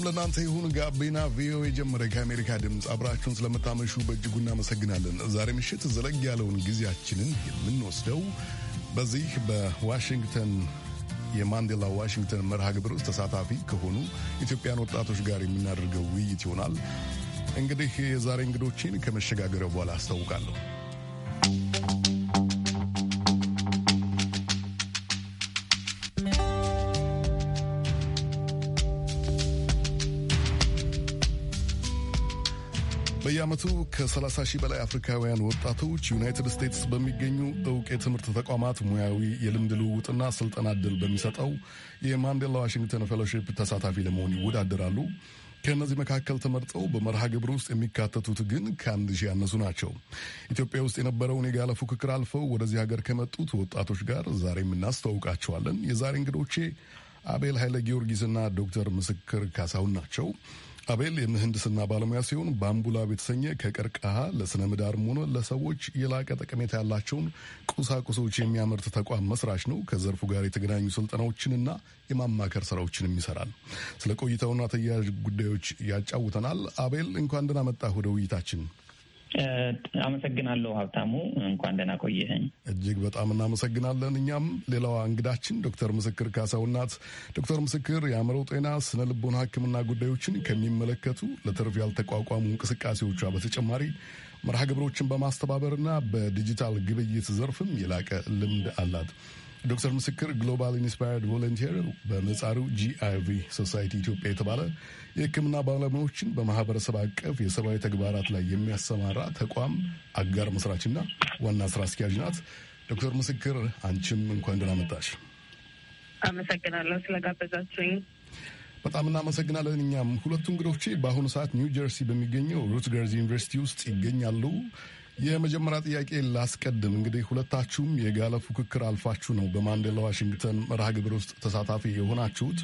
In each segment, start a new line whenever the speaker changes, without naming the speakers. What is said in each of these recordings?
ሰላም ለእናንተ ይሁን። ጋቢና ቪኦኤ ጀመረ። ከአሜሪካ ድምፅ አብራችሁን ስለምታመሹ በእጅጉ እናመሰግናለን። ዛሬ ምሽት ዘለግ ያለውን ጊዜያችንን የምንወስደው በዚህ በዋሽንግተን የማንዴላ ዋሽንግተን መርሃ ግብር ውስጥ ተሳታፊ ከሆኑ ኢትዮጵያን ወጣቶች ጋር የምናደርገው ውይይት ይሆናል። እንግዲህ የዛሬ እንግዶችን ከመሸጋገሪያው በኋላ አስታውቃለሁ። በየዓመቱ ከ30 ሺህ በላይ አፍሪካውያን ወጣቶች ዩናይትድ ስቴትስ በሚገኙ እውቅ የትምህርት ተቋማት ሙያዊ የልምድ ልውውጥና ስልጠና እድል በሚሰጠው የማንዴላ ዋሽንግተን ፌሎሺፕ ተሳታፊ ለመሆን ይወዳደራሉ። ከእነዚህ መካከል ተመርጠው በመርሃ ግብር ውስጥ የሚካተቱት ግን ከአንድ ሺህ ያነሱ ናቸው። ኢትዮጵያ ውስጥ የነበረውን የጋለ ፉክክር አልፈው ወደዚህ ሀገር ከመጡት ወጣቶች ጋር ዛሬም እናስተዋውቃቸዋለን። የዛሬ እንግዶቼ አቤል ኃይለ ጊዮርጊስና ዶክተር ምስክር ካሳሁን ናቸው። አቤል የምህንድስና ባለሙያ ሲሆን በአምቡላብ የተሰኘ ከቀርከሃ ለስነ ምህዳርም ሆነ ለሰዎች የላቀ ጠቀሜታ ያላቸውን ቁሳቁሶች የሚያመርት ተቋም መስራች ነው። ከዘርፉ ጋር የተገናኙ ስልጠናዎችንና የማማከር ስራዎችንም ይሰራል። ስለ ቆይታውና ተያያዥ ጉዳዮች ያጫውተናል። አቤል እንኳን ደህና መጣህ ወደ ውይይታችን። አመሰግናለሁ ሀብታሙ፣ እንኳን ደህና ቆየኸኝ። እጅግ በጣም እናመሰግናለን። እኛም ሌላዋ እንግዳችን ዶክተር ምስክር ካሳው ናት። ዶክተር ምስክር የአእምሮ ጤና ስነ ልቦና ሕክምና ጉዳዮችን ከሚመለከቱ ለትርፍ ያልተቋቋሙ እንቅስቃሴዎቿ በተጨማሪ መርሃ ግብሮችን በማስተባበርና በዲጂታል ግብይት ዘርፍም የላቀ ልምድ አላት። ዶክተር ምስክር ግሎባል ኢንስፓየርድ ቮለንቲር በመጻሩ ጂአይቪ ሶሳይቲ ኢትዮጵያ የተባለ የሕክምና ባለሙያዎችን በማህበረሰብ አቀፍ የሰብአዊ ተግባራት ላይ የሚያሰማራ ተቋም አጋር መስራችና ዋና ስራ አስኪያጅ ናት። ዶክተር ምስክር አንቺም እንኳን ደህና መጣሽ። አመሰግናለሁ ስለጋበዛችሁኝ። በጣም እናመሰግናለን። እኛም ሁለቱ እንግዶቼ በአሁኑ ሰዓት ኒው ጀርሲ በሚገኘው ሩትገርዝ ዩኒቨርሲቲ ውስጥ ይገኛሉ። የመጀመሪያ ጥያቄ ላስቀድም። እንግዲህ ሁለታችሁም የጋለ ፉክክር አልፋችሁ ነው በማንዴላ ዋሽንግተን መርሃ ግብር ውስጥ ተሳታፊ የሆናችሁት።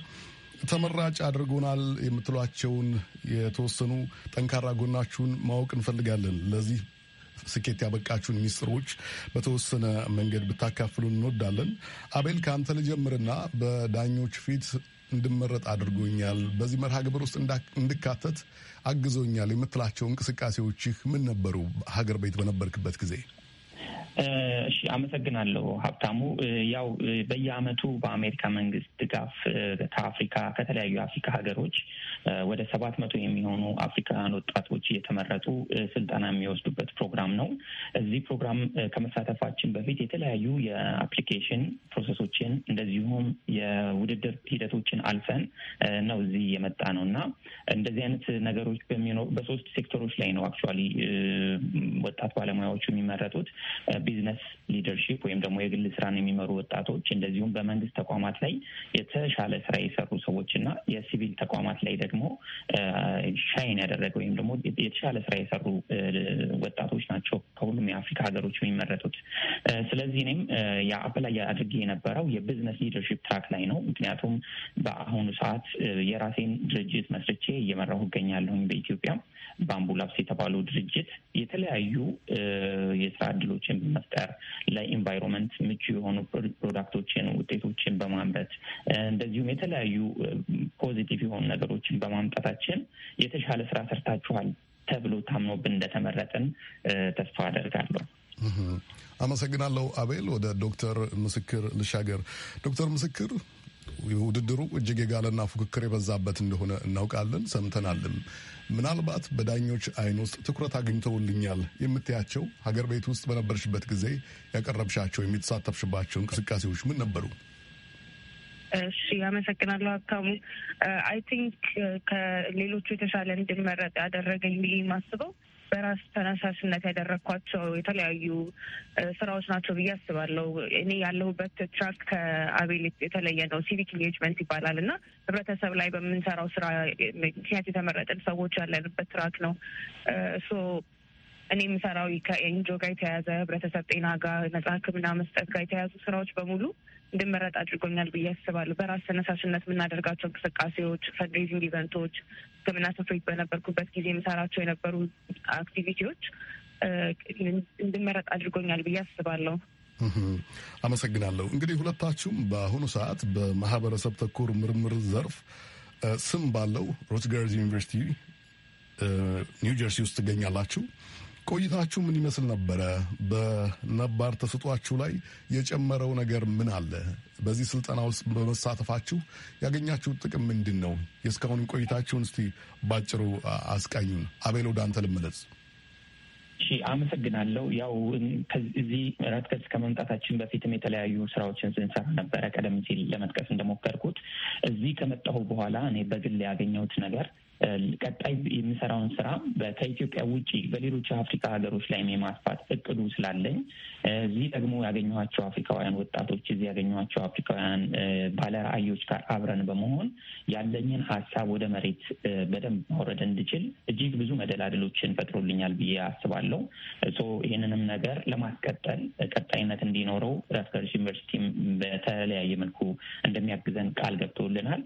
ተመራጭ አድርጎናል የምትሏቸውን የተወሰኑ ጠንካራ ጎናችሁን ማወቅ እንፈልጋለን። ለዚህ ስኬት ያበቃችሁን ሚስጥሮች በተወሰነ መንገድ ብታካፍሉ እንወዳለን። አቤል ከአንተ ልጀምርና በዳኞች ፊት እንድመረጥ አድርጎኛል፣ በዚህ መርሃ ግብር ውስጥ እንድካተት አግዞኛል የምትላቸው እንቅስቃሴዎችህ ምን ነበሩ? ሀገር ቤት በነበርክበት ጊዜ
እሺ አመሰግናለሁ ሀብታሙ። ያው በየአመቱ በአሜሪካ መንግስት ድጋፍ ከአፍሪካ ከተለያዩ የአፍሪካ ሀገሮች ወደ ሰባት መቶ የሚሆኑ አፍሪካውያን ወጣቶች እየተመረጡ ስልጠና የሚወስዱበት ፕሮግራም ነው። እዚህ ፕሮግራም ከመሳተፋችን በፊት የተለያዩ የአፕሊኬሽን ፕሮሰሶችን እንደዚሁም የውድድር ሂደቶችን አልፈን ነው እዚህ የመጣ ነው እና እንደዚህ አይነት ነገሮች በሚኖሩ በሶስት ሴክተሮች ላይ ነው አክቹዋሊ ወጣት ባለሙያዎቹ የሚመረጡት ቢዝነስ ሊደርሺፕ ወይም ደግሞ የግል ስራን የሚመሩ ወጣቶች እንደዚሁም በመንግስት ተቋማት ላይ የተሻለ ስራ የሰሩ ሰዎች እና የሲቪል ተቋማት ላይ ደግሞ ሻይን ያደረገ ወይም ደግሞ የተሻለ ስራ የሰሩ ወጣቶች ናቸው ከሁሉም የአፍሪካ ሀገሮች የሚመረጡት። ስለዚህ እኔም የአፕላይ አድርጌ የነበረው የቢዝነስ ሊደርሽፕ ትራክ ላይ ነው። ምክንያቱም በአሁኑ ሰዓት የራሴን ድርጅት መስርቼ እየመራሁ እገኛለሁኝ በኢትዮጵያ ባምቡላፕስ የተባለው ድርጅት የተለያዩ የስራ እድሎችን በመፍጠር ለኢንቫይሮንመንት ምቹ የሆኑ ፕሮዳክቶችን፣ ውጤቶችን በማምረት እንደዚሁም የተለያዩ ፖዚቲቭ የሆኑ ነገሮችን በማምጣታችን የተሻለ ስራ ሰርታችኋል ተብሎ ታምኖብን እንደተመረጥን ተስፋ አደርጋለሁ።
አመሰግናለሁ አቤል። ወደ ዶክተር ምስክር ልሻገር። ዶክተር ምስክር ውድድሩ እጅግ የጋለና ፉክክር የበዛበት እንደሆነ እናውቃለን፣ ሰምተናልም። ምናልባት በዳኞች አይን ውስጥ ትኩረት አግኝተውልኛል የምትያቸው ሀገር ቤት ውስጥ በነበርሽበት ጊዜ ያቀረብሻቸው የሚተሳተፍሽባቸው እንቅስቃሴዎች ምን ነበሩ?
እሺ አመሰግናለሁ ሀብታሙ። አይ ቲንክ ከሌሎቹ የተሻለ እንድመረጥ ያደረገኝ ብዬ የማስበው በራስ ተነሳሽነት ያደረግኳቸው የተለያዩ ስራዎች ናቸው ብዬ አስባለሁ። እኔ ያለሁበት ትራክ ከአቤል የተለየ ነው። ሲቪክ ኢንጌጅመንት ይባላል እና ህብረተሰብ ላይ በምንሰራው ስራ ምክንያት የተመረጥን ሰዎች ያለንበት ትራክ ነው። ሶ እኔ የምሰራው ከኤንጆ ጋር የተያያዘ ህብረተሰብ ጤና ጋር ነጻ ህክምና መስጠት ጋር የተያያዙ ስራዎች በሙሉ እንድመረጥ አድርጎኛል ብዬ አስባለሁ። በራስ ተነሳሽነት የምናደርጋቸው እንቅስቃሴዎች፣ ፈንድሬዚንግ ኢቨንቶች፣ ሕክምና ስፍሬት በነበርኩበት ጊዜ የምሰራቸው የነበሩ አክቲቪቲዎች እንድመረጥ አድርጎኛል ብዬ አስባለሁ።
አመሰግናለሁ። እንግዲህ ሁለታችሁም በአሁኑ ሰዓት በማህበረሰብ ተኮር ምርምር ዘርፍ ስም ባለው ሮትገርዝ ዩኒቨርሲቲ ኒው ጀርሲ ውስጥ ትገኛላችሁ። ቆይታችሁ ምን ይመስል ነበረ? በነባር ተሰጧችሁ ላይ የጨመረው ነገር ምን አለ? በዚህ ስልጠና ውስጥ በመሳተፋችሁ ያገኛችሁ ጥቅም ምንድን ነው? የእስካሁን ቆይታችሁን እስቲ ባጭሩ አስቃኙን። አቤል ወደ አንተ ልመለስ። እሺ፣ አመሰግናለሁ።
ያው እዚህ ረትገጽ ከመምጣታችን በፊትም የተለያዩ ስራዎችን ስንሰራ ነበረ። ቀደም ሲል ለመጥቀስ እንደሞከርኩት እዚህ ከመጣሁ በኋላ እኔ በግል ያገኘሁት ነገር ቀጣይ የሚሰራውን ስራ ከኢትዮጵያ ውጭ በሌሎች አፍሪካ ሀገሮች ላይ የማስፋት እቅዱ ስላለኝ እዚህ ደግሞ ያገኘኋቸው አፍሪካውያን ወጣቶች እዚህ ያገኘኋቸው አፍሪካውያን ባለራዕዮች ጋር አብረን በመሆን ያለኝን ሀሳብ ወደ መሬት በደንብ ማውረድ እንድችል እጅግ ብዙ መደላድሎችን ፈጥሮልኛል ብዬ አስባለሁ። ይህንንም ነገር ለማስቀጠል ቀጣይነት እንዲኖረው ራስገርሽ ዩኒቨርሲቲ በተለያየ መልኩ እንደሚያግዘን ቃል ገብቶልናል።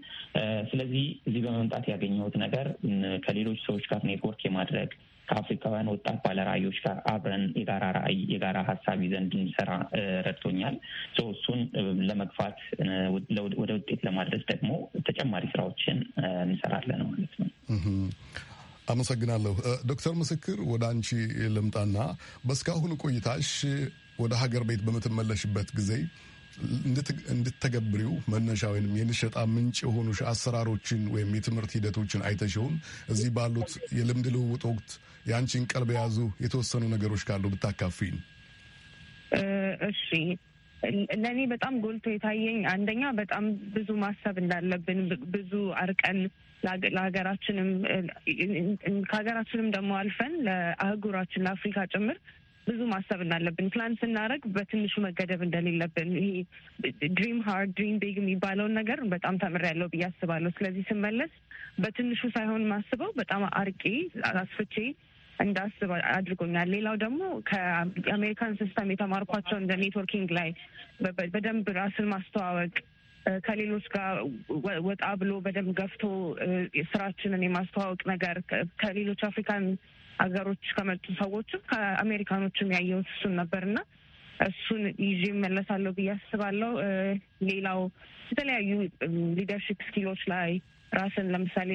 ስለዚህ እዚህ በመምጣት ያገኘሁት ነገር በመፍጠር ከሌሎች ሰዎች ጋር ኔትወርክ የማድረግ ከአፍሪካውያን ወጣት ባለራዕዮች ጋር አብረን የጋራ ራዕይ የጋራ ሀሳብ ይዘን እንድንሰራ ረድቶኛል። እሱን ለመግፋት ወደ ውጤት ለማድረስ ደግሞ ተጨማሪ ስራዎችን እንሰራለን ማለት
ነው። አመሰግናለሁ። ዶክተር ምስክር ወደ አንቺ ልምጣና በእስካሁን ቆይታሽ ወደ ሀገር ቤት በምትመለሽበት ጊዜ እንድተገብሪው መነሻ ወይም የንሸጣ ምንጭ የሆኑ አሰራሮችን ወይም የትምህርት ሂደቶችን አይተሽውን እዚህ ባሉት የልምድ ልውውጥ ወቅት የአንቺን ቀልብ የያዙ የተወሰኑ ነገሮች ካሉ ብታካፊን።
እሺ፣ ለእኔ በጣም ጎልቶ የታየኝ አንደኛ በጣም ብዙ ማሰብ እንዳለብን ብዙ አርቀን ለሀገራችንም ከሀገራችንም ደግሞ አልፈን ለአህጉራችን ለአፍሪካ ጭምር ብዙ ማሰብ እንዳለብን ፕላን ስናደረግ በትንሹ መገደብ እንደሌለብን ይሄ ድሪም ሃርድ ድሪም ቤግ የሚባለውን ነገር በጣም ተምሬያለሁ ብዬ አስባለሁ። ስለዚህ ስመለስ በትንሹ ሳይሆን ማስበው በጣም አርቄ አስፍቼ እንዳስብ አድርጎኛል። ሌላው ደግሞ ከአሜሪካን ሲስተም የተማርኳቸው እንደ ኔትወርኪንግ ላይ በደንብ ራስን ማስተዋወቅ ከሌሎች ጋር ወጣ ብሎ በደንብ ገፍቶ ስራችንን የማስተዋወቅ ነገር ከሌሎች አፍሪካን ሀገሮች ከመጡ ሰዎችም ከአሜሪካኖችም ያየሁት እሱን ነበርና እሱን ይዤ እመለሳለሁ ብዬ አስባለሁ። ሌላው የተለያዩ ሊደርሽፕ ስኪሎች ላይ ራስን ለምሳሌ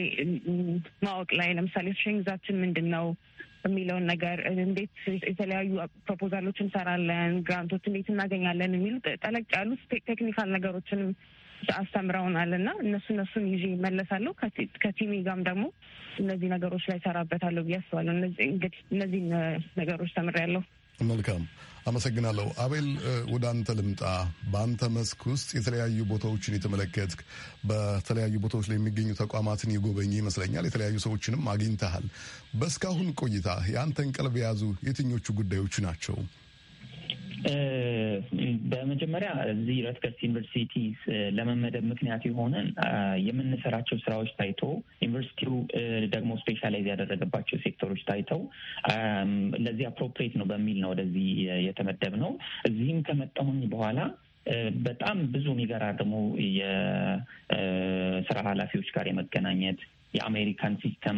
ማወቅ ላይ ለምሳሌ ሽንግዛችን ምንድን ነው የሚለውን ነገር እንዴት የተለያዩ ፕሮፖዛሎች እንሰራለን፣ ግራንቶች እንዴት እናገኛለን የሚሉ ጠለቅ ያሉ ቴክኒካል ነገሮችንም አስተምረውናል እና እነሱ እነሱን ይዤ ይመለሳለሁ። ከቲሜ ጋም ደግሞ እነዚህ ነገሮች ላይ ሰራበታለሁ ብዬ አስባለሁ። እንግዲህ እነዚህን ነገሮች ተምሬያለሁ።
መልካም አመሰግናለሁ። አቤል ወደ አንተ ልምጣ። በአንተ መስክ ውስጥ የተለያዩ ቦታዎችን የተመለከትክ፣ በተለያዩ ቦታዎች ላይ የሚገኙ ተቋማትን የጎበኘ ይመስለኛል። የተለያዩ ሰዎችንም አግኝተሃል። በእስካሁን ቆይታ የአንተን ቀልብ የያዙ የትኞቹ ጉዳዮች ናቸው?
በመጀመሪያ እዚህ ረትገርስ ዩኒቨርሲቲ ለመመደብ ምክንያት የሆነን የምንሰራቸው ስራዎች ታይቶ ዩኒቨርሲቲው ደግሞ ስፔሻላይዝ ያደረገባቸው ሴክተሮች ታይተው ለዚህ አፕሮፕሬት ነው በሚል ነው ወደዚህ የተመደብ ነው። እዚህም ከመጣሁኝ በኋላ በጣም ብዙ የሚገራርሙ የስራ ኃላፊዎች ጋር የመገናኘት የአሜሪካን ሲስተም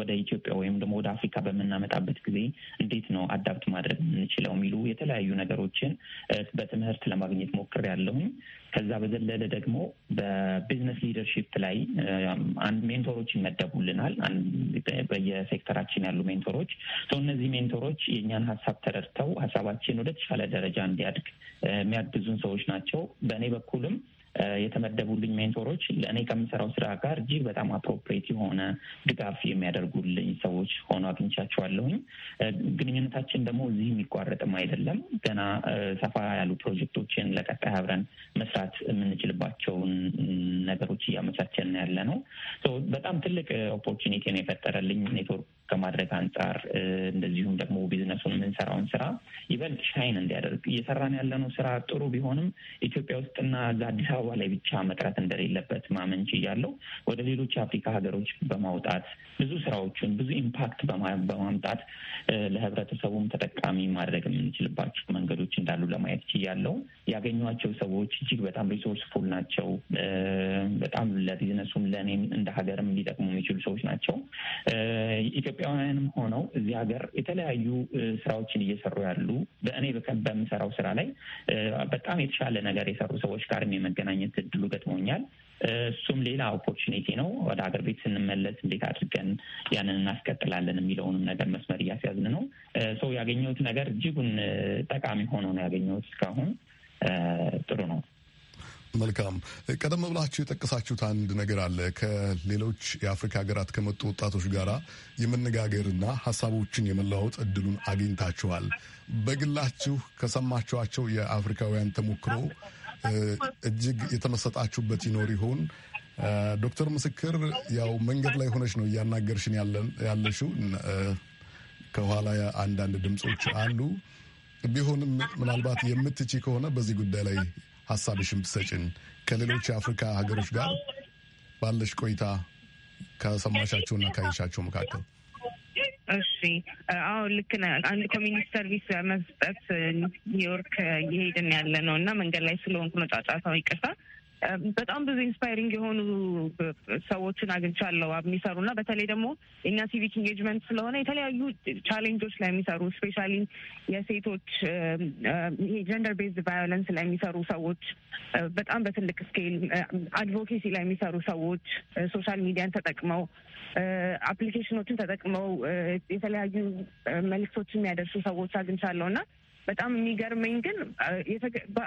ወደ ኢትዮጵያ ወይም ደግሞ ወደ አፍሪካ በምናመጣበት ጊዜ እንዴት ነው አዳፕት ማድረግ የምንችለው የሚሉ የተለያዩ ነገሮችን በትምህርት ለማግኘት ሞክር ያለሁኝ ከዛ በዘለለ ደግሞ በቢዝነስ ሊደርሺፕ ላይ አንድ ሜንቶሮች ይመደቡልናል፣ በየሴክተራችን ያሉ ሜንቶሮች ሰው እነዚህ ሜንቶሮች የእኛን ሀሳብ ተረድተው ሀሳባችን ወደ ተሻለ ደረጃ እንዲያድግ የሚያግዙን ሰዎች ናቸው። በእኔ በኩልም የተመደቡልኝ ሜንቶሮች ለእኔ ከምሰራው ስራ ጋር እጅግ በጣም አፕሮፕሬት የሆነ ድጋፍ የሚያደርጉልኝ ሰዎች ሆኖ አግኝቻቸዋለሁኝ። ግንኙነታችን ደግሞ እዚህ የሚቋረጥም አይደለም። ገና ሰፋ ያሉ ፕሮጀክቶችን ለቀጣይ አብረን መስራት የምንችልባቸውን ነገሮች እያመቻቸን ያለ ነው። በጣም ትልቅ ኦፖርቹኒቲ ነው የፈጠረልኝ ኔትወርክ ከማድረግ አንጻር እንደዚሁም ደግሞ ቢዝነሱን የምንሰራውን ስራ ይበልጥ ሻይን እንዲያደርግ እየሰራን ያለነው ስራ ጥሩ ቢሆንም ኢትዮጵያ ውስጥና እዛ አዲስ አበባ ላይ ብቻ መቅረት እንደሌለበት ማመን ችያለሁ። ወደ ሌሎች የአፍሪካ ሀገሮች በማውጣት ብዙ ስራዎችን ብዙ ኢምፓክት በማምጣት ለህብረተሰቡም ተጠቃሚ ማድረግ የምንችልባቸው መንገዶች እንዳሉ ለማየት ችያለሁ። ያገኟቸው ሰዎች እጅግ በጣም ሪሶርስፉል ናቸው። በጣም ለቢዝነሱም ለእኔም እንደ ሀገርም ሊጠቅሙ የሚችሉ ሰዎች ናቸው። ኢትዮጵያውያንም ሆነው እዚህ ሀገር የተለያዩ ስራዎችን እየሰሩ ያሉ በእኔ በምሰራው ስራ ላይ በጣም የተሻለ ነገር የሰሩ ሰዎች ጋርም የመገናኘት እድሉ ገጥሞኛል። እሱም ሌላ ኦፖርቹኒቲ ነው። ወደ ሀገር ቤት ስንመለስ እንዴት አድርገን ያንን እናስቀጥላለን የሚለውንም ነገር መስመር እያስያዝን ነው። ሰው ያገኘሁት ነገር እጅጉን
ጠቃሚ ሆኖ ነው ያገኘሁት። እስካሁን ጥሩ ነው። መልካም። ቀደም ብላችሁ የጠቀሳችሁት አንድ ነገር አለ። ከሌሎች የአፍሪካ ሀገራት ከመጡ ወጣቶች ጋር የመነጋገርና ሀሳቦችን የመለዋወጥ እድሉን አግኝታችኋል። በግላችሁ ከሰማችኋቸው የአፍሪካውያን ተሞክሮ እጅግ የተመሰጣችሁበት ይኖር ይሆን? ዶክተር ምስክር ያው መንገድ ላይ ሆነች ነው እያናገርሽን ያለሽው። ከኋላ አንዳንድ ድምፆች አሉ። ቢሆንም ምናልባት የምትቺ ከሆነ በዚህ ጉዳይ ላይ ሀሳብሽን ብትሰጭን ከሌሎች የአፍሪካ ሀገሮች ጋር ባለሽ ቆይታ ከሰማሻቸውና ካየሻቸው መካከል።
እሺ፣ አዎ ልክ ነህ። አንድ ኮሚኒቲ ሰርቪስ መስጠት ኒውዮርክ እየሄድን ያለ ነው እና መንገድ ላይ ስለሆንኩ ነው ጫጫታው፣ ይቅርታ በጣም ብዙ ኢንስፓይሪንግ የሆኑ ሰዎችን አግኝቻለሁ የሚሰሩ እና በተለይ ደግሞ የእኛ ሲቪክ ኢንጌጅመንት ስለሆነ የተለያዩ ቻሌንጆች ላይ የሚሰሩ ስፔሻሊ የሴቶች ጀንደር ቤዝድ ቫዮለንስ ላይ የሚሰሩ ሰዎች፣ በጣም በትልቅ ስኬል አድቮኬሲ ላይ የሚሰሩ ሰዎች ሶሻል ሚዲያን ተጠቅመው አፕሊኬሽኖችን ተጠቅመው የተለያዩ መልእክቶች የሚያደርሱ ሰዎች አግኝቻለሁ እና በጣም የሚገርመኝ ግን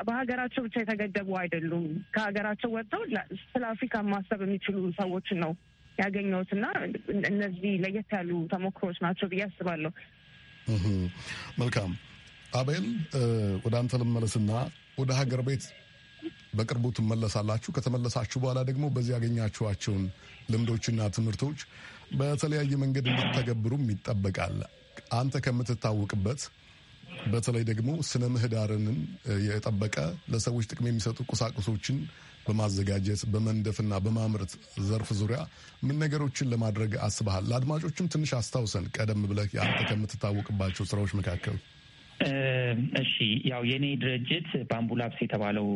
በሀገራቸው ብቻ የተገደቡ አይደሉም። ከሀገራቸው ወጥተው ስለ አፍሪካ ማሰብ የሚችሉ ሰዎችን ነው ያገኘሁት እና እነዚህ ለየት ያሉ ተሞክሮች ናቸው ብዬ አስባለሁ።
መልካም አቤል፣ ወደ አንተ ልመለስና ወደ ሀገር ቤት በቅርቡ ትመለሳላችሁ። ከተመለሳችሁ በኋላ ደግሞ በዚህ ያገኛችኋቸውን ልምዶችና ትምህርቶች በተለያየ መንገድ እንድትተገብሩም ይጠበቃል። አንተ ከምትታወቅበት በተለይ ደግሞ ስነ ምህዳርንም የጠበቀ ለሰዎች ጥቅም የሚሰጡ ቁሳቁሶችን በማዘጋጀት በመንደፍና በማምረት ዘርፍ ዙሪያ ምን ነገሮችን ለማድረግ አስበሃል? ለአድማጮችም ትንሽ አስታውሰን፣ ቀደም ብለህ የአንተ ከምትታወቅባቸው ስራዎች መካከል
እሺ ያው የኔ ድርጅት ባምቡላብስ የተባለው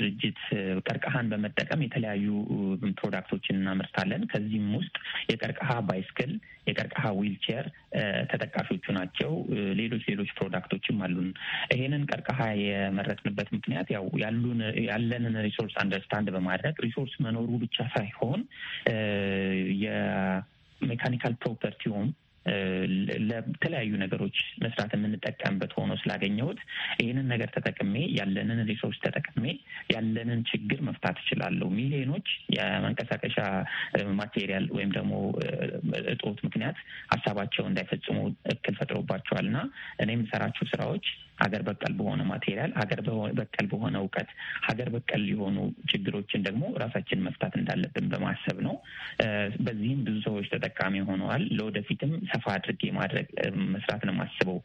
ድርጅት ቀርቀሃን በመጠቀም የተለያዩ ፕሮዳክቶችን እናመርታለን። ከዚህም ውስጥ የቀርቀሃ ባይስክል፣ የቀርቀሃ ዊልቸር ተጠቃሾቹ ናቸው። ሌሎች ሌሎች ፕሮዳክቶችም አሉን። ይሄንን ቀርቀሃ የመረጥንበት ምክንያት ያው ያሉን ያለንን ሪሶርስ አንደርስታንድ በማድረግ ሪሶርስ መኖሩ ብቻ ሳይሆን የሜካኒካል ፕሮፐርቲውም ለተለያዩ ነገሮች መስራት የምንጠቀምበት ሆኖ ስላገኘሁት ይህንን ነገር ተጠቅሜ ያለንን ሪሶርስ ተጠቅሜ ያለንን ችግር መፍታት እችላለሁ። ሚሊዮኖች የመንቀሳቀሻ ማቴሪያል ወይም ደግሞ እጦት ምክንያት ሀሳባቸው እንዳይፈጽሙ እክል ፈጥሮባቸዋል እና እኔ የምሰራቸው ስራዎች ሀገር በቀል በሆነ ማቴሪያል፣ ሀገር በቀል በሆነ እውቀት፣ ሀገር በቀል የሆኑ ችግሮችን ደግሞ ራሳችን መፍታት እንዳለብን በማሰብ ነው። በዚህም ብዙ ሰዎች ተጠቃሚ ሆነዋል። ለወደፊትም ሰፋ አድርጌ ማድረግ መስራት ነው የማስበው።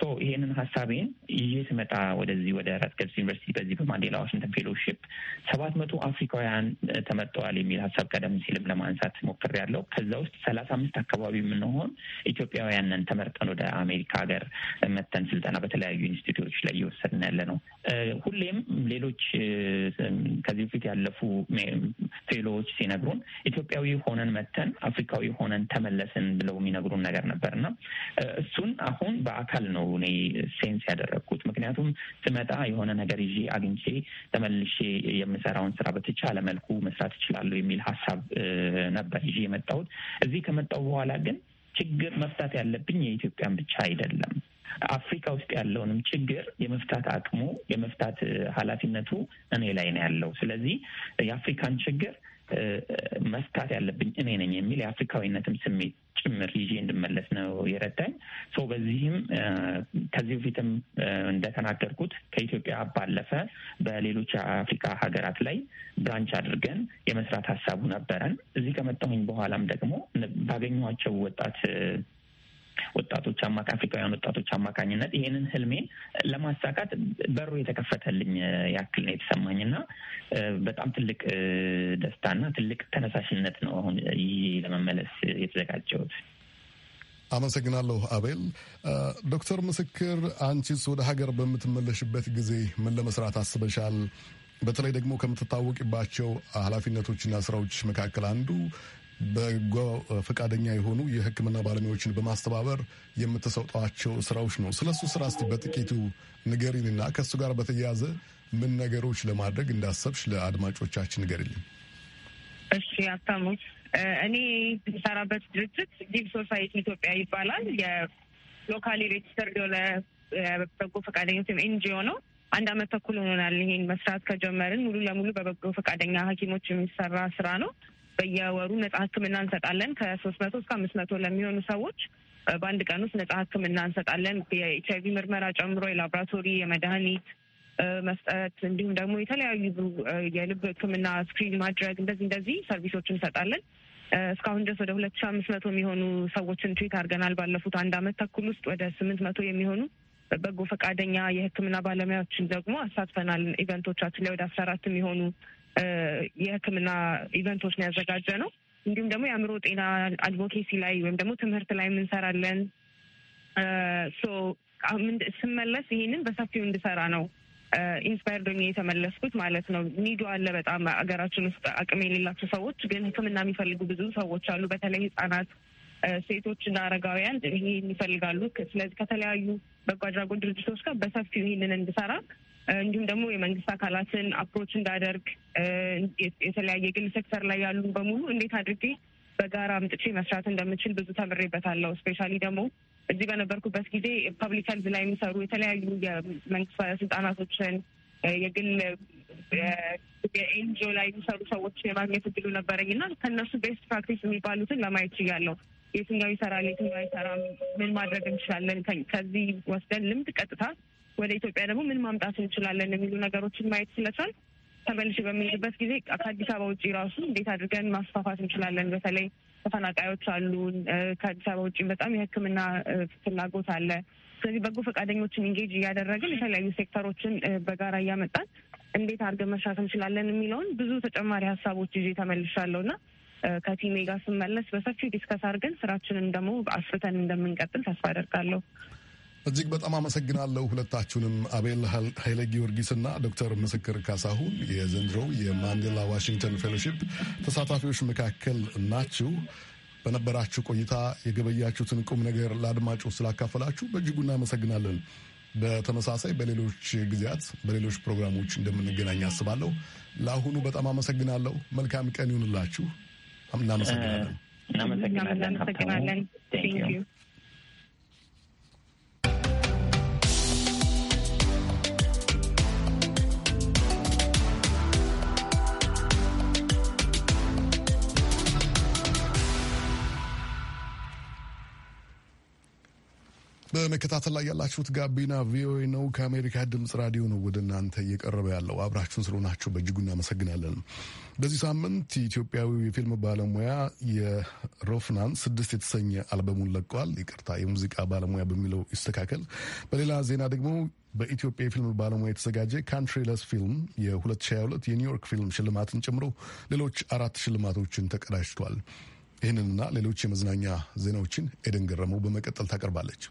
ሶ ይሄንን ሀሳቤን ይዤ ስመጣ ወደዚህ ወደ ራትገርስ ዩኒቨርሲቲ በዚህ በማንዴላ ዋሽንግተን ፌሎሺፕ ሰባት መቶ አፍሪካውያን ተመርጠዋል የሚል ሀሳብ ቀደም ሲልም ለማንሳት ያለው ከዛ ውስጥ ሰላሳ አምስት አካባቢ የምንሆን ኢትዮጵያውያንን ተመርጠን ወደ አሜሪካ ሀገር መተን ስልጠና በተለ የተለያዩ ኢንስቲትዩቶች ላይ እየወሰድን ያለ ነው። ሁሌም ሌሎች ከዚህ በፊት ያለፉ ፌሎዎች ሲነግሩን ኢትዮጵያዊ ሆነን መተን አፍሪካዊ ሆነን ተመለስን ብለው የሚነግሩን ነገር ነበር እና እሱን አሁን በአካል ነው እኔ ሴንስ ያደረግኩት። ምክንያቱም ስመጣ የሆነ ነገር ይዤ አግኝቼ ተመልሼ የምሰራውን ስራ በተቻለ መልኩ መስራት እችላለሁ የሚል ሀሳብ ነበር ይዤ የመጣሁት። እዚህ ከመጣሁ በኋላ ግን ችግር መፍታት ያለብኝ የኢትዮጵያን ብቻ አይደለም አፍሪካ ውስጥ ያለውንም ችግር የመፍታት አቅሙ የመፍታት ኃላፊነቱ እኔ ላይ ነው ያለው። ስለዚህ የአፍሪካን ችግር መፍታት ያለብኝ እኔ ነኝ የሚል የአፍሪካዊነትም ስሜት ጭምር ይዤ እንድመለስ ነው የረዳኝ። ሶ በዚህም ከዚህ በፊትም እንደተናገርኩት ከኢትዮጵያ ባለፈ በሌሎች የአፍሪካ ሀገራት ላይ ብራንች አድርገን የመስራት ሀሳቡ ነበረን። እዚህ ከመጣሁኝ በኋላም ደግሞ ባገኘኋቸው ወጣት ወጣቶች አማካ አፍሪካውያን ወጣቶች አማካኝነት ይህንን ህልሜን ለማሳካት በሩ የተከፈተልኝ ያክል ነው የተሰማኝ እና በጣም ትልቅ ደስታና ትልቅ ተነሳሽነት ነው አሁን ይህ ለመመለስ የተዘጋጀሁት።
አመሰግናለሁ አቤል። ዶክተር ምስክር አንቺስ ወደ ሀገር በምትመለሽበት ጊዜ ምን ለመስራት አስበሻል? በተለይ ደግሞ ከምትታወቂባቸው ኃላፊነቶችና ስራዎች መካከል አንዱ በጎ ፈቃደኛ የሆኑ የሕክምና ባለሙያዎችን በማስተባበር የምትሰጧቸው ስራዎች ነው። ስለሱ ስራ እስቲ በጥቂቱ ንገሪንና ከእሱ ጋር በተያያዘ ምን ነገሮች ለማድረግ እንዳሰብሽ ለአድማጮቻችን ንገሪልን።
እሺ አታሙ እኔ የምሰራበት ድርጅት ዲቭ ሶሳይቲ ኢትዮጵያ ይባላል። የሎካሊ ሬጅስተርድ የሆነ በጎ ፈቃደኞች ወይም ኤንጂኦ ነው። አንድ አመት ተኩል ሆኖናል ይሄን መስራት ከጀመርን። ሙሉ ለሙሉ በበጎ ፈቃደኛ ሐኪሞች የሚሰራ ስራ ነው። በየወሩ ነጻ ህክምና እንሰጣለን ከሶስት መቶ እስከ አምስት መቶ ለሚሆኑ ሰዎች በአንድ ቀን ውስጥ ነጻ ህክምና እንሰጣለን። የኤች አይቪ ምርመራ ጨምሮ የላቦራቶሪ የመድኃኒት መስጠት እንዲሁም ደግሞ የተለያዩ የልብ ህክምና ስክሪን ማድረግ እንደዚህ እንደዚህ ሰርቪሶች እንሰጣለን። እስካሁን ድረስ ወደ ሁለት ሺ አምስት መቶ የሚሆኑ ሰዎችን ትሪት አድርገናል። ባለፉት አንድ አመት ተኩል ውስጥ ወደ ስምንት መቶ የሚሆኑ በጎ ፈቃደኛ የህክምና ባለሙያዎችን ደግሞ አሳትፈናል። ኢቨንቶቻችን ላይ ወደ አስራ አራት የሚሆኑ የህክምና ኢቨንቶች ነው ያዘጋጀ ነው። እንዲሁም ደግሞ የአእምሮ ጤና አድቮኬሲ ላይ ወይም ደግሞ ትምህርት ላይ የምንሰራለን። ስመለስ ይሄንን በሰፊው እንድሰራ ነው ኢንስፓየር ዶኝ የተመለስኩት ማለት ነው። ኒዶ አለ በጣም አገራችን ውስጥ አቅም የሌላቸው ሰዎች ግን ህክምና የሚፈልጉ ብዙ ሰዎች አሉ። በተለይ ህጻናት፣ ሴቶችና አረጋውያን ይሄን ይፈልጋሉ። ስለዚህ ከተለያዩ በጎ አድራጎት ድርጅቶች ጋር በሰፊው ይህንን እንድሰራ እንዲሁም ደግሞ የመንግስት አካላትን አፕሮች እንዳደርግ የተለያየ ግል ሴክተር ላይ ያሉ በሙሉ እንዴት አድርጌ በጋራ አምጥቼ መስራት እንደምችል ብዙ ተምሬበታለሁ። እስፔሻሊ ደግሞ እዚህ በነበርኩበት ጊዜ ፐብሊክ ሄልዝ ላይ የሚሰሩ የተለያዩ የመንግስት ባለስልጣናቶችን የግል የኤንጂኦ ላይ የሚሰሩ ሰዎች የማግኘት እድሉ ነበረኝ እና ከእነሱ ቤስት ፕራክቲስ የሚባሉትን ለማየት ችያለሁ። የትኛው ይሰራል፣ የትኛው አይሰራም፣ ምን ማድረግ እንችላለን፣ ከዚህ ወስደን ልምድ ቀጥታ ወደ ኢትዮጵያ ደግሞ ምን ማምጣት እንችላለን የሚሉ ነገሮችን ማየት ስለቻል ተመልሼ በምንሄድበት ጊዜ ከአዲስ አበባ ውጭ ራሱ እንዴት አድርገን ማስፋፋት እንችላለን። በተለይ ተፈናቃዮች አሉን። ከአዲስ አበባ ውጭ በጣም የሕክምና ፍላጎት አለ። ስለዚህ በጎ ፈቃደኞችን ኢንጌጅ እያደረግን የተለያዩ ሴክተሮችን በጋራ እያመጣን እንዴት አድርገን መስራት እንችላለን የሚለውን ብዙ ተጨማሪ ሀሳቦች ይዤ ተመልሻለሁ እና ከቲሜ ጋር ስመለስ በሰፊው ዲስከስ አድርገን ስራችንን ደግሞ አስፍተን እንደምንቀጥል ተስፋ አደርጋለሁ።
እጅግ በጣም አመሰግናለሁ ሁለታችሁንም። አቤል ኃይለ ጊዮርጊስና ዶክተር ምስክር ካሳሁን የዘንድሮው የማንዴላ ዋሽንግተን ፌሎሺፕ ተሳታፊዎች መካከል ናችሁ። በነበራችሁ ቆይታ የገበያችሁትን ቁም ነገር ለአድማጮች ስላካፈላችሁ በእጅጉ እናመሰግናለን። በተመሳሳይ በሌሎች ጊዜያት በሌሎች ፕሮግራሞች እንደምንገናኝ አስባለሁ። ለአሁኑ በጣም አመሰግናለሁ። መልካም ቀን ይሁንላችሁ። እናመሰግናለን። እናመሰግናለን። በመከታተል ላይ ያላችሁት ጋቢና ቪኦኤ ነው። ከአሜሪካ ድምፅ ራዲዮ ነው ወደ እናንተ እየቀረበ ያለው። አብራችሁን ስለሆናችሁ በእጅጉ እናመሰግናለን። በዚህ ሳምንት ኢትዮጵያዊው የፊልም ባለሙያ የሮፍናን ስድስት የተሰኘ አልበሙን ለቀዋል። ይቅርታ የሙዚቃ ባለሙያ በሚለው ይስተካከል። በሌላ ዜና ደግሞ በኢትዮጵያ የፊልም ባለሙያ የተዘጋጀ ካንትሪለስ ፊልም የ2022 የኒውዮርክ ፊልም ሽልማትን ጨምሮ ሌሎች አራት ሽልማቶችን ተቀዳጅቷል። ይህንንና ሌሎች የመዝናኛ ዜናዎችን ኤደን ገረመው በመቀጠል ታቀርባለች።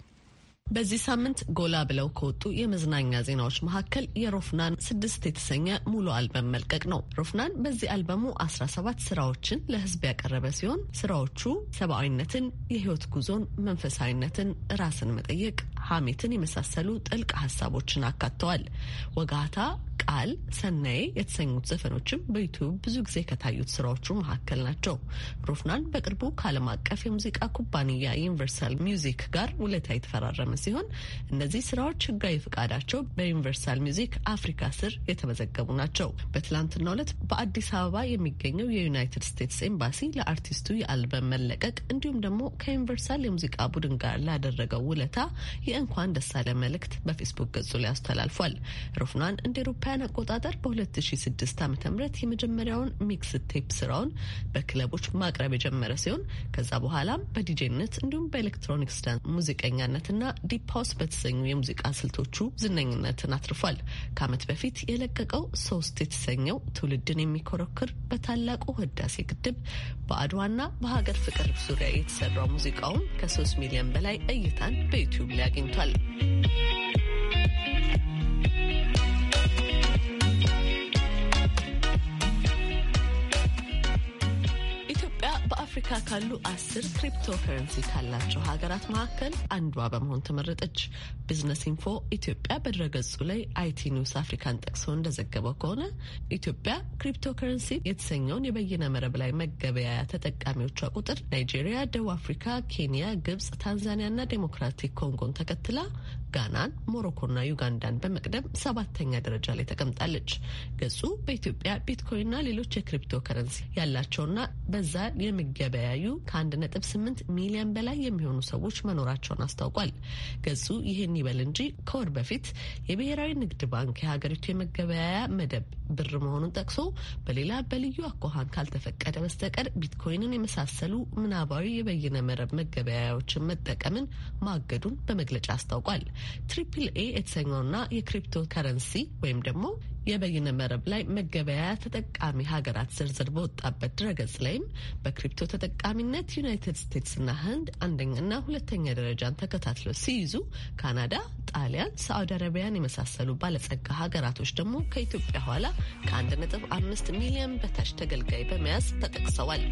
በዚህ ሳምንት ጎላ ብለው ከወጡ የመዝናኛ ዜናዎች መካከል የሮፍናን ስድስት የተሰኘ ሙሉ አልበም መልቀቅ ነው። ሮፍናን በዚህ አልበሙ 17 ስራዎችን ለህዝብ ያቀረበ ሲሆን ስራዎቹ ሰብአዊነትን፣ የህይወት ጉዞን፣ መንፈሳዊነትን፣ ራስን መጠየቅ፣ ሐሜትን የመሳሰሉ ጥልቅ ሀሳቦችን አካተዋል። ወጋታ፣ ቃል፣ ሰናዬ የተሰኙት ዘፈኖችም በዩቲዩብ ብዙ ጊዜ ከታዩት ስራዎቹ መካከል ናቸው። ሮፍናን በቅርቡ ከዓለም አቀፍ የሙዚቃ ኩባንያ ዩኒቨርሳል ሚውዚክ ጋር ውለታ የተፈራረመ ሲሆን እነዚህ ስራዎች ህጋዊ ፈቃዳቸው በዩኒቨርሳል ሚውዚክ አፍሪካ ስር የተመዘገቡ ናቸው። በትላንትና ዕለት በአዲስ አበባ የሚገኘው የዩናይትድ ስቴትስ ኤምባሲ ለአርቲስቱ የአልበም መለቀቅ እንዲሁም ደግሞ ከዩኒቨርሳል የሙዚቃ ቡድን ጋር ላደረገው ውለታ የእንኳን ደሳለ መልእክት በፌስቡክ ገጹ ላይ አስተላልፏል። ሮፍናን እንደ ኤሮፓያን አቆጣጠር በ2006 ዓ ም የመጀመሪያውን ሚክስ ቴፕ ስራውን በክለቦች ማቅረብ የጀመረ ሲሆን ከዛ በኋላም በዲጄነት እንዲሁም በኤሌክትሮኒክስ ዳን ሙዚቀኛነትና ዲፕ ሀውስ በተሰኙ የሙዚቃ ስልቶቹ ዝነኝነትን አትርፏል። ከአመት በፊት የለቀቀው ሶስት የተሰኘው ትውልድን የሚኮረክር በታላቁ ህዳሴ ግድብ በአድዋና በሀገር ፍቅር ዙሪያ የተሰራው ሙዚቃውን ከሶስት ሚሊዮን በላይ እይታን በዩቲዩብ ሊያገኝ ተገኝቷል። አፍሪካ ካሉ አስር ክሪፕቶ ከረንሲ ካላቸው ሀገራት መካከል አንዷ በመሆን ተመረጠች። ቢዝነስ ኢንፎ ኢትዮጵያ በድረገጹ ላይ አይቲ ኒውስ አፍሪካን ጠቅሶ እንደዘገበው ከሆነ ኢትዮጵያ ክሪፕቶ ከረንሲ የተሰኘውን የበይነ መረብ ላይ መገበያያ ተጠቃሚዎቿ ቁጥር ናይጄሪያ፣ ደቡብ አፍሪካ፣ ኬንያ፣ ግብጽ፣ ታንዛኒያ እና ዴሞክራቲክ ኮንጎን ተከትላ ጋናን፣ ሞሮኮና ዩጋንዳን በመቅደም ሰባተኛ ደረጃ ላይ ተቀምጣለች። ገጹ በኢትዮጵያ ቢትኮይንና ሌሎች የክሪፕቶ ከረንሲ ያላቸውና በዛ የሚገበያዩ ከ1.8 ሚሊዮን በላይ የሚሆኑ ሰዎች መኖራቸውን አስታውቋል። ገጹ ይህን ይበል እንጂ ከወር በፊት የብሔራዊ ንግድ ባንክ የሀገሪቱ የመገበያያ መደብ ብር መሆኑን ጠቅሶ በሌላ በልዩ አኳኋን ካልተፈቀደ በስተቀር ቢትኮይንን የመሳሰሉ ምናባዊ የበይነ መረብ መገበያያዎችን መጠቀምን ማገዱን በመግለጫ አስታውቋል። ትሪፕል ኤ የተሰኘውና የክሪፕቶ ከረንሲ ወይም ደግሞ የበይነ መረብ ላይ መገበያያ ተጠቃሚ ሀገራት ዝርዝር በወጣበት ድረገጽ ላይም በክሪፕቶ ተጠቃሚነት ዩናይትድ ስቴትስና ህንድ አንደኛና ሁለተኛ ደረጃን ተከታትለው ሲይዙ ካናዳ፣ ጣሊያን፣ ሳዑዲ አረቢያን የመሳሰሉ ባለጸጋ ሀገራቶች ደግሞ ከኢትዮጵያ ኋላ ከ1.5 ሚሊዮን በታች ተገልጋይ በመያዝ ተጠቅሰዋል።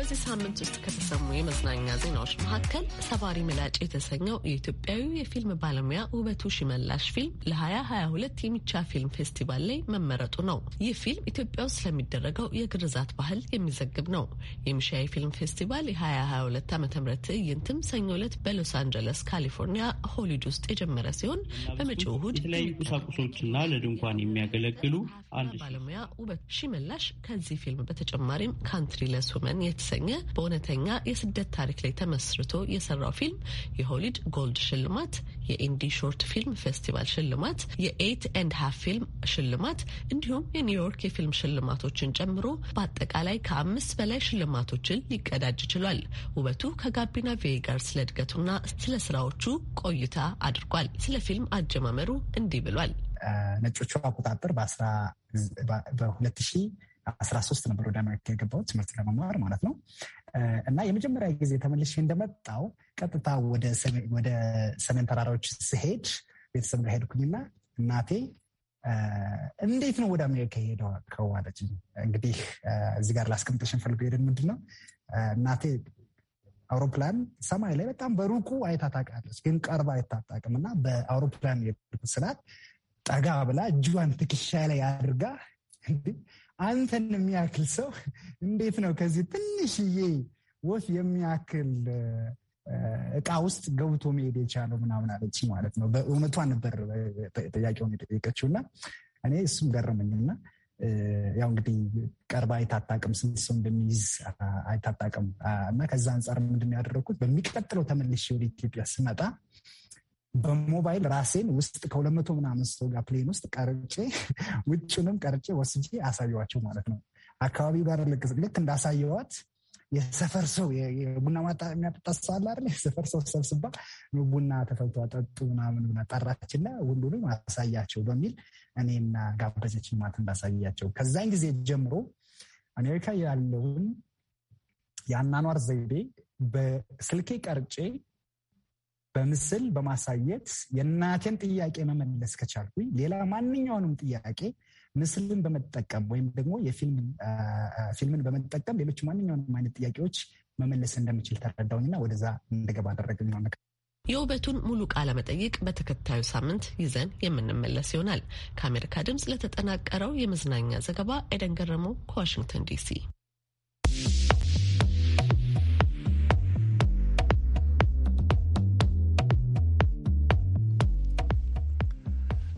በዚህ ሳምንት ውስጥ ከተሰሙ የመዝናኛ ዜናዎች መካከል ሰባሪ ምላጭ የተሰኘው የኢትዮጵያዊ የፊልም ባለሙያ ውበቱ ሽመላሽ ፊልም ለ2022 የሚቻ ፊልም ፌስቲቫል ላይ መመረጡ ነው። ይህ ፊልም ኢትዮጵያ ውስጥ ስለሚደረገው የግርዛት ባህል የሚዘግብ ነው። የሚሻ የፊልም ፌስቲቫል የ2022 ዓ.ም ትዕይንትም ሰኞ ዕለት በሎስ አንጀለስ ካሊፎርኒያ ሆሊድ ውስጥ የጀመረ ሲሆን በመጪው እሁድ የተለያዩ
ቁሳቁሶችና ለድንኳን የሚያገለግሉ አንድ
ባለሙያ ውበት ሽመላሽ ከዚህ ፊልም በተጨማሪም ካንትሪ ለስ ውመን የተሰ የተሰኘ በእውነተኛ የስደት ታሪክ ላይ ተመስርቶ የሰራው ፊልም የሆሊድ ጎልድ ሽልማት፣ የኢንዲ ሾርት ፊልም ፌስቲቫል ሽልማት፣ የኤት ኤንድ ሀፍ ፊልም ሽልማት እንዲሁም የኒውዮርክ የፊልም ሽልማቶችን ጨምሮ በአጠቃላይ ከአምስት በላይ ሽልማቶችን ሊቀዳጅ ችሏል። ውበቱ ከጋቢና ቪኦኤ ጋር ስለ እድገቱና ስለ ስራዎቹ ቆይታ አድርጓል። ስለ ፊልም አጀማመሩ
እንዲህ ብሏል። ነጮቹ አቆጣጠር በ አስራ ሶስት ነበር ወደ አሜሪካ የገባው ትምህርት ለመማር ማለት ነው። እና የመጀመሪያ ጊዜ ተመልሼ እንደመጣው ቀጥታ ወደ ሰሜን ተራራዎች ስሄድ ቤተሰብ ጋር ሄድኩኝና እናቴ እንዴት ነው ወደ አሜሪካ ሄደው ከዋለች። እንግዲህ እዚህ ጋር ላስቀምጠሽ ፈልገው ሄደን ምንድን ነው እናቴ አውሮፕላን ሰማይ ላይ በጣም በሩቁ አይታ ታውቃለች፣ ግን ቀርባ አይታጣቅም እና በአውሮፕላን የሄድኩት ስላት ጠጋ ብላ እጇን ትከሻዬ ላይ አድርጋ አንተን የሚያክል ሰው እንዴት ነው ከዚህ ትንሽዬ ወፍ የሚያክል እቃ ውስጥ ገብቶ መሄድ የቻለው ምናምን አለች ማለት ነው። በእውነቷ ነበር ጥያቄውን የጠየቀችው እና እኔ እሱም ገረመኝ እና ያው እንግዲህ ቀርባ አይታጣቅም፣ ስንት ሰው እንደሚይዝ አይታጣቅም እና ከዛ አንጻር ምንድን ያደረግኩት በሚቀጥለው ተመልሼ ወደ ኢትዮጵያ ስመጣ በሞባይል ራሴን ውስጥ ከሁለት መቶ ምናምን ሰው ጋር ፕሌን ውስጥ ቀርጬ ውጭንም ቀርጬ ወስጄ አሳየዋቸው ማለት ነው። አካባቢው ጋር ልክ እንዳሳየዋት የሰፈር ሰው ቡና የሚያጠጣ ሰው አለ አይደል? የሰፈር ሰው ሰብስባ ቡና ተፈልቶ ጠጡ ምናምን ብላ ጠራችና ሁሉንም አሳያቸው በሚል እኔና ጋበዘች ማለት እንዳሳያቸው። ከዛን ጊዜ ጀምሮ አሜሪካ ያለውን የአናኗር ዘይቤ በስልኬ ቀርጬ በምስል በማሳየት የእናቴን ጥያቄ መመለስ ከቻልኩኝ ሌላ ማንኛውንም ጥያቄ ምስልን በመጠቀም ወይም ደግሞ ፊልምን በመጠቀም ሌሎች ማንኛውንም አይነት ጥያቄዎች መመለስ እንደምችል ተረዳውኝና ወደዛ እንደገባ አደረገኝ።
የውበቱን ሙሉ ቃለ መጠይቅ በተከታዩ ሳምንት ይዘን የምንመለስ ይሆናል። ከአሜሪካ ድምፅ ለተጠናቀረው የመዝናኛ ዘገባ ኤደን ገረመው ከዋሽንግተን ዲሲ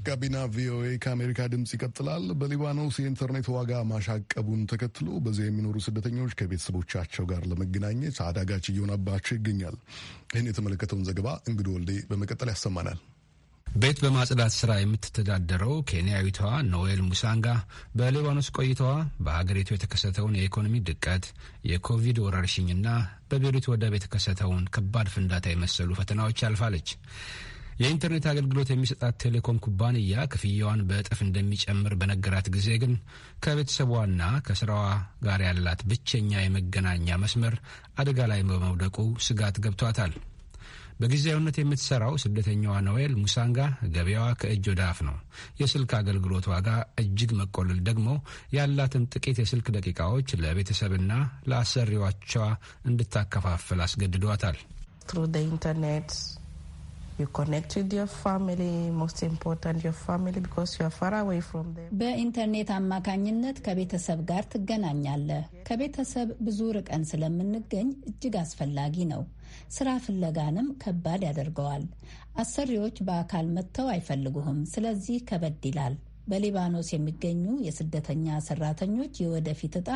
ጋቢና ቪኦኤ ከአሜሪካ ድምፅ ይቀጥላል። በሊባኖስ የኢንተርኔት ዋጋ ማሻቀቡን ተከትሎ በዚያ የሚኖሩ ስደተኞች ከቤተሰቦቻቸው ጋር ለመገናኘት አዳጋች እየሆነባቸው ይገኛል። ይህን የተመለከተውን ዘገባ እንግዶ ወልዴ በመቀጠል ያሰማናል።
ቤት በማጽዳት ስራ የምትተዳደረው ኬንያዊቷ ኖኤል ሙሳንጋ በሊባኖስ ቆይታዋ በሀገሪቱ የተከሰተውን የኢኮኖሚ ድቀት፣ የኮቪድ ወረርሽኝና በቤሪቱ ወደብ የተከሰተውን ከባድ ፍንዳታ የመሰሉ ፈተናዎች ያልፋለች። የኢንተርኔት አገልግሎት የሚሰጣት ቴሌኮም ኩባንያ ክፍያዋን በእጥፍ እንደሚጨምር በነገራት ጊዜ ግን ከቤተሰቧና ከስራዋ ጋር ያላት ብቸኛ የመገናኛ መስመር አደጋ ላይ በመውደቁ ስጋት ገብቷታል። በጊዜያዊነት የምትሰራው ስደተኛዋ ኖዌል ሙሳንጋ ገበያዋ ከእጅ ወደ አፍ ነው። የስልክ አገልግሎት ዋጋ እጅግ መቆለል ደግሞ ያላትን ጥቂት የስልክ ደቂቃዎች ለቤተሰብና ለአሰሪዎቿ እንድታከፋፍል አስገድዷታል።
በኢንተርኔት አማካኝነት ከቤተሰብ ጋር ትገናኛለህ። ከቤተሰብ ብዙ ርቀን ስለምንገኝ እጅግ አስፈላጊ ነው። ስራ ፍለጋንም ከባድ ያደርገዋል። አሰሪዎች በአካል መጥተው አይፈልጉህም። ስለዚህ ከበድ ይላል። በሊባኖስ የሚገኙ የስደተኛ ሰራተኞች የወደፊት እጣ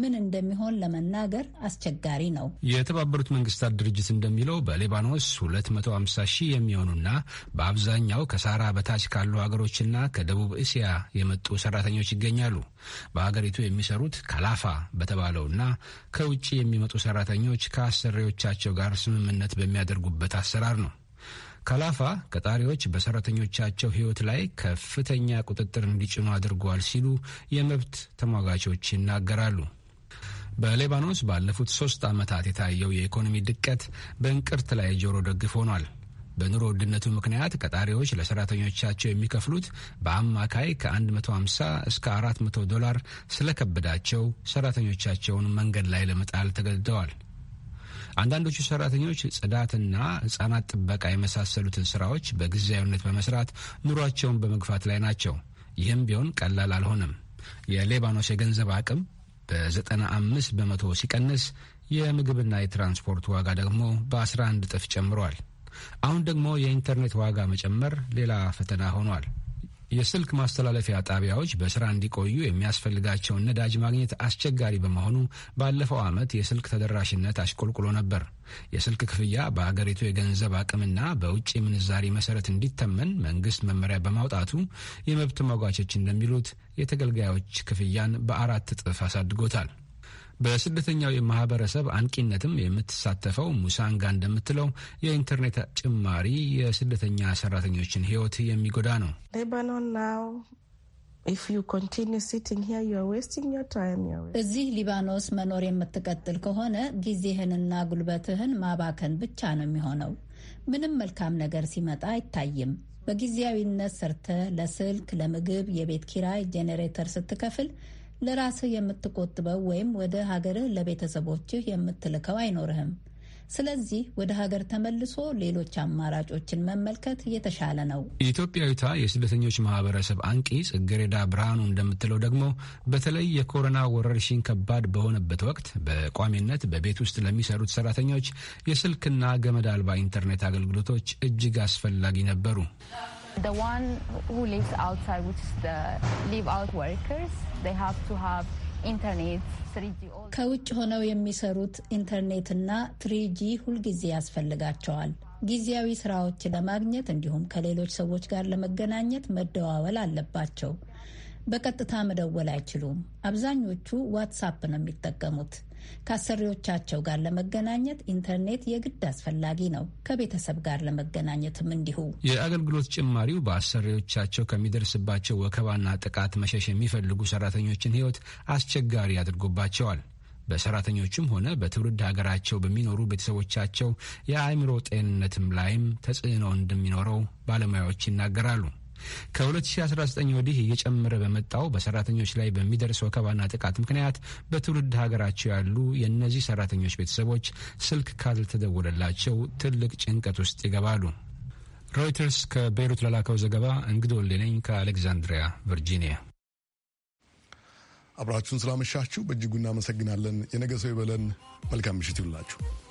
ምን እንደሚሆን ለመናገር አስቸጋሪ ነው።
የተባበሩት መንግስታት ድርጅት እንደሚለው በሊባኖስ 250 ሺህ የሚሆኑና በአብዛኛው ከሳራ በታች ካሉ ሀገሮችና ከደቡብ እስያ የመጡ ሰራተኞች ይገኛሉ። በሀገሪቱ የሚሰሩት ከላፋ በተባለውና ከውጭ የሚመጡ ሰራተኞች ከአሰሪዎቻቸው ጋር ስምምነት በሚያደርጉበት አሰራር ነው። ከላፋ ቀጣሪዎች በሰራተኞቻቸው ሕይወት ላይ ከፍተኛ ቁጥጥር እንዲጭኑ አድርጓል ሲሉ የመብት ተሟጋቾች ይናገራሉ። በሌባኖስ ባለፉት ሶስት ዓመታት የታየው የኢኮኖሚ ድቀት በእንቅርት ላይ ጆሮ ደግፍ ሆኗል። በኑሮ ውድነቱ ምክንያት ቀጣሪዎች ለሰራተኞቻቸው የሚከፍሉት በአማካይ ከ150 እስከ 400 ዶላር ስለከበዳቸው ሰራተኞቻቸውን መንገድ ላይ ለመጣል ተገድደዋል። አንዳንዶቹ ሰራተኞች ጽዳትና ህጻናት ጥበቃ የመሳሰሉትን ስራዎች በጊዜያዊነት በመስራት ኑሯቸውን በመግፋት ላይ ናቸው። ይህም ቢሆን ቀላል አልሆነም። የሌባኖስ የገንዘብ አቅም በ95 በመቶ ሲቀንስ የምግብና የትራንስፖርት ዋጋ ደግሞ በ11 እጥፍ ጨምሯል። አሁን ደግሞ የኢንተርኔት ዋጋ መጨመር ሌላ ፈተና ሆኗል። የስልክ ማስተላለፊያ ጣቢያዎች በስራ እንዲቆዩ የሚያስፈልጋቸውን ነዳጅ ማግኘት አስቸጋሪ በመሆኑ ባለፈው ዓመት የስልክ ተደራሽነት አሽቆልቁሎ ነበር። የስልክ ክፍያ በአገሪቱ የገንዘብ አቅምና በውጭ ምንዛሪ መሰረት እንዲተመን መንግስት መመሪያ በማውጣቱ የመብት ተሟጋቾች እንደሚሉት የተገልጋዮች ክፍያን በአራት እጥፍ አሳድጎታል። በስደተኛው የማህበረሰብ አንቂነትም የምትሳተፈው ሙሳንጋ እንደምትለው የኢንተርኔት ጭማሪ የስደተኛ ሰራተኞችን ህይወት የሚጎዳ ነው።
እዚህ ሊባኖስ መኖር የምትቀጥል ከሆነ ጊዜህንና ጉልበትህን ማባከን ብቻ ነው የሚሆነው። ምንም መልካም ነገር ሲመጣ አይታይም። በጊዜያዊነት ሰርተ ለስልክ፣ ለምግብ፣ የቤት ኪራይ፣ ጄኔሬተር ስትከፍል ለራስህ የምትቆጥበው ወይም ወደ ሀገርህ ለቤተሰቦችህ የምትልከው አይኖርህም። ስለዚህ ወደ ሀገር ተመልሶ ሌሎች አማራጮችን መመልከት የተሻለ ነው።
ኢትዮጵያዊቷ የስደተኞች ማህበረሰብ አንቂ ጽጌረዳ ብርሃኑ እንደምትለው ደግሞ በተለይ የኮሮና ወረርሽኝ ከባድ በሆነበት ወቅት በቋሚነት በቤት ውስጥ ለሚሰሩት ሰራተኞች የስልክና ገመድ አልባ ኢንተርኔት አገልግሎቶች እጅግ አስፈላጊ ነበሩ።
The one
who lives outside, which is the live out workers, they have to have internet. ከውጭ ሆነው የሚሰሩት ኢንተርኔትና ትሪጂ ሁልጊዜ ያስፈልጋቸዋል። ጊዜያዊ ስራዎች ለማግኘት እንዲሁም ከሌሎች ሰዎች ጋር ለመገናኘት መደዋወል አለባቸው። በቀጥታ መደወል አይችሉም። አብዛኞቹ ዋትሳፕ ነው የሚጠቀሙት። ከአሰሪዎቻቸው ጋር ለመገናኘት ኢንተርኔት የግድ አስፈላጊ ነው። ከቤተሰብ ጋር ለመገናኘትም እንዲሁ።
የአገልግሎት ጭማሪው በአሰሪዎቻቸው ከሚደርስባቸው ወከባና ጥቃት መሸሽ የሚፈልጉ ሰራተኞችን ሕይወት አስቸጋሪ አድርጎባቸዋል። በሰራተኞቹም ሆነ በትውልድ ሀገራቸው በሚኖሩ ቤተሰቦቻቸው የአእምሮ ጤንነትም ላይም ተጽዕኖ እንደሚኖረው ባለሙያዎች ይናገራሉ። ከ2019 ወዲህ እየጨመረ በመጣው በሰራተኞች ላይ በሚደርስ ወከባና ጥቃት ምክንያት በትውልድ ሀገራቸው ያሉ የእነዚህ ሰራተኞች ቤተሰቦች ስልክ ካልተደወለላቸው ትልቅ ጭንቀት ውስጥ ይገባሉ። ሮይተርስ ከቤይሩት ለላከው ዘገባ እንግዶ ወልደነኝ ከአሌክዛንድሪያ ቨርጂኒያ።
አብራችሁን ስላመሻችሁ በእጅጉ እናመሰግናለን። የነገ ሰው ይበለን። መልካም ምሽት ይውላችሁ።